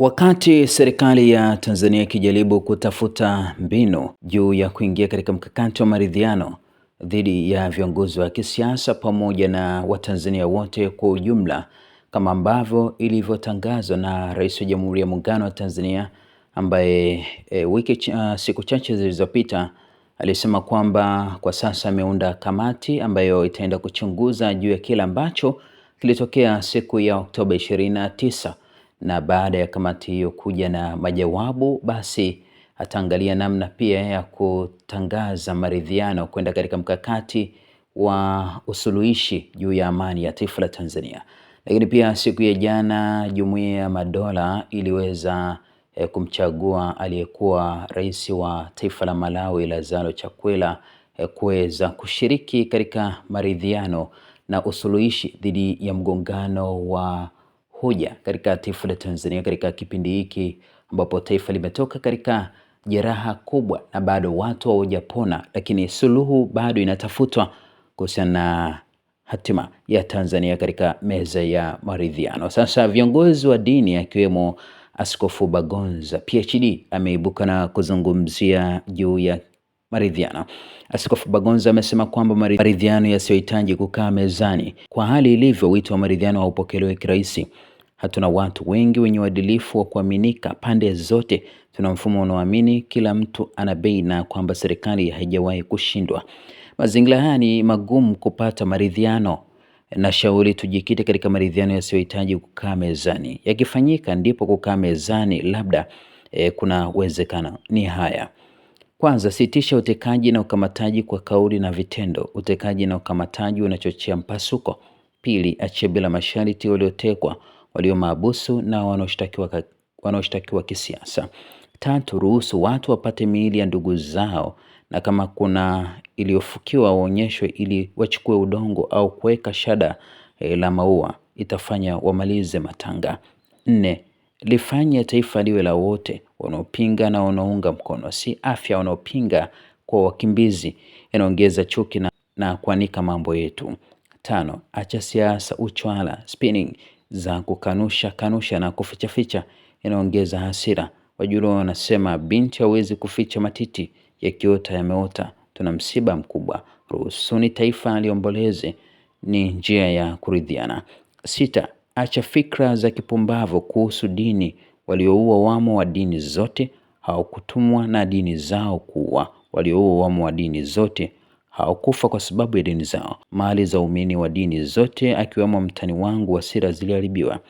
Wakati serikali ya Tanzania ikijaribu kutafuta mbinu juu ya kuingia katika mkakati wa maridhiano dhidi ya viongozi wa kisiasa pamoja na Watanzania wote kwa ujumla, kama ambavyo ilivyotangazwa na Rais wa Jamhuri ya Muungano wa Tanzania ambaye e, wiki ch siku chache zilizopita alisema kwamba kwa sasa ameunda kamati ambayo itaenda kuchunguza juu ya kile ambacho kilitokea siku ya Oktoba 29 na baada ya kamati hiyo kuja na majawabu, basi ataangalia namna pia ya kutangaza maridhiano kwenda katika mkakati wa usuluhishi juu ya amani ya taifa la Tanzania. Lakini pia siku ya jana Jumuiya ya Madola iliweza eh, kumchagua aliyekuwa rais wa taifa la Malawi Lazaro Chakwera eh, kuweza kushiriki katika maridhiano na usuluhishi dhidi ya mgongano wa huja katika taifa la Tanzania katika kipindi hiki ambapo taifa limetoka katika jeraha kubwa na bado watu hawajapona, lakini suluhu bado inatafutwa kuhusiana na hatima ya Tanzania katika meza ya maridhiano. Sasa viongozi wa dini akiwemo Askofu Bagonza PhD ameibuka na kuzungumzia juu ya maridhiano. Askofu Bagonza amesema kwamba maridhiano yasiyohitaji kukaa mezani, kwa hali ilivyo, wito wa maridhiano haupokelewi kirahisi. Hatuna watu wengi wenye uadilifu wa kuaminika pande zote. Tuna mfumo unaoamini kila mtu ana bei na kwamba serikali haijawahi kushindwa. Mazingira haya ni magumu kupata maridhiano na shauri tujikite katika maridhiano yasiyohitaji kukaa mezani. Yakifanyika ndipo kukaa mezani labda e, kuna uwezekano ni haya: kwanza, sitisha utekaji na ukamataji kwa kauli na vitendo. Utekaji na ukamataji unachochea mpasuko. Pili, achia bila masharti waliotekwa walio maabusu na wanaoshtakiwa wanaoshtakiwa kisiasa. Tatu, ruhusu watu wapate miili ya ndugu zao na kama kuna iliyofukiwa waonyeshwe ili wachukue udongo au kuweka shada eh, la maua itafanya wamalize matanga. Nne, lifanye taifa liwe la wote, wanaopinga na wanaunga mkono, si afya wanaopinga kwa wakimbizi. Inaongeza chuki na, na kuanika mambo yetu. Tano, acha siasa, uchwala, spinning za kukanusha kanusha na kufichaficha inaongeza hasira. Wajaluo wanasema binti hawezi kuficha matiti, yakiota yameota. Tuna msiba mkubwa, ruhusuni taifa liomboleze, ni njia ya kuridhiana. Sita, acha fikra za kipumbavu kuhusu dini. Walioua wamo wa dini zote, hawakutumwa na dini zao kuua. Walioua wamo wa dini zote, hawakufa kwa sababu ya dini zao. Mali za umini wa dini zote akiwemo mtani wangu wa Sira ziliharibiwa.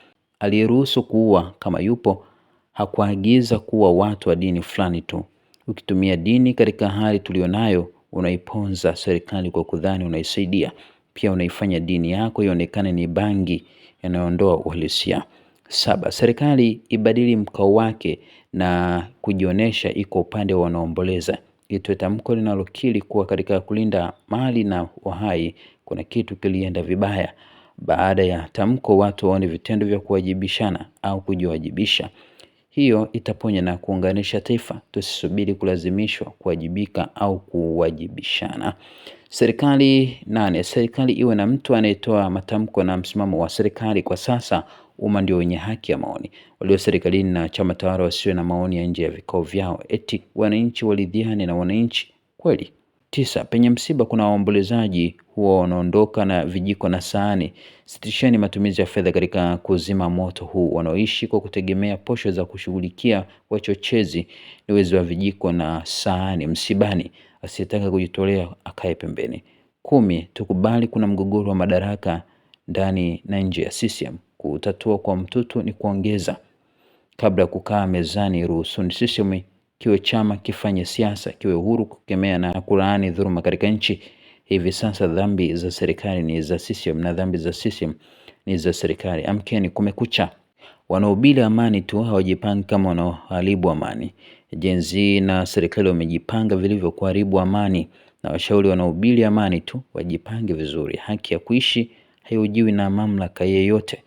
Aliyeruhusu kuua kama yupo, hakuagiza kuwa watu wa dini fulani tu. Ukitumia dini katika hali tulionayo, unaiponza serikali kwa kudhani unaisaidia. Pia unaifanya dini yako ionekane ni bangi yanayoondoa uhalisia. Saba, serikali ibadili mkao wake na kujionyesha iko upande wa wanaomboleza itoe tamko linalokiri kuwa katika kulinda mali na uhai kuna kitu kilienda vibaya. Baada ya tamko, watu waone vitendo vya kuwajibishana au kujiwajibisha. Hiyo itaponya na kuunganisha taifa. Tusisubiri kulazimishwa kuwajibika au kuwajibishana. Serikali nane. Serikali iwe na mtu anayetoa matamko na msimamo wa serikali kwa sasa. Umma ndio wenye haki ya maoni. Walio serikalini na chama tawala wasiwe na maoni ya nje ya vikao vyao. Eti wananchi walidhiane na wananchi kweli. Tisa. Penye msiba kuna waombolezaji huwa wanaondoka na vijiko na sahani. Sitisheni matumizi ya fedha katika kuzima moto huu. Wanaoishi kwa kutegemea posho za kushughulikia wachochezi ni wezi wa vijiko na sahani msibani asiyetaka kujitolea akae pembeni. Kumi, tukubali kuna mgogoro wa madaraka ndani na nje ya CCM. Kutatua kwa mtutu ni kuongeza kabla ya kukaa mezani. Ruhusuni CCM kiwe chama, kifanye siasa, kiwe huru kukemea na kulaani dhuluma katika nchi. Hivi sasa dhambi za serikali ni za CCM na dhambi za CCM ni za serikali. Amkeni, kumekucha wanaohubiri amani tu hawajipangi kama wanaoharibu amani. Gen Z na serikali wamejipanga vilivyo kuharibu amani, na washauri wanaohubiri amani tu wajipange vizuri. Haki ya kuishi haiujiwi na mamlaka yeyote.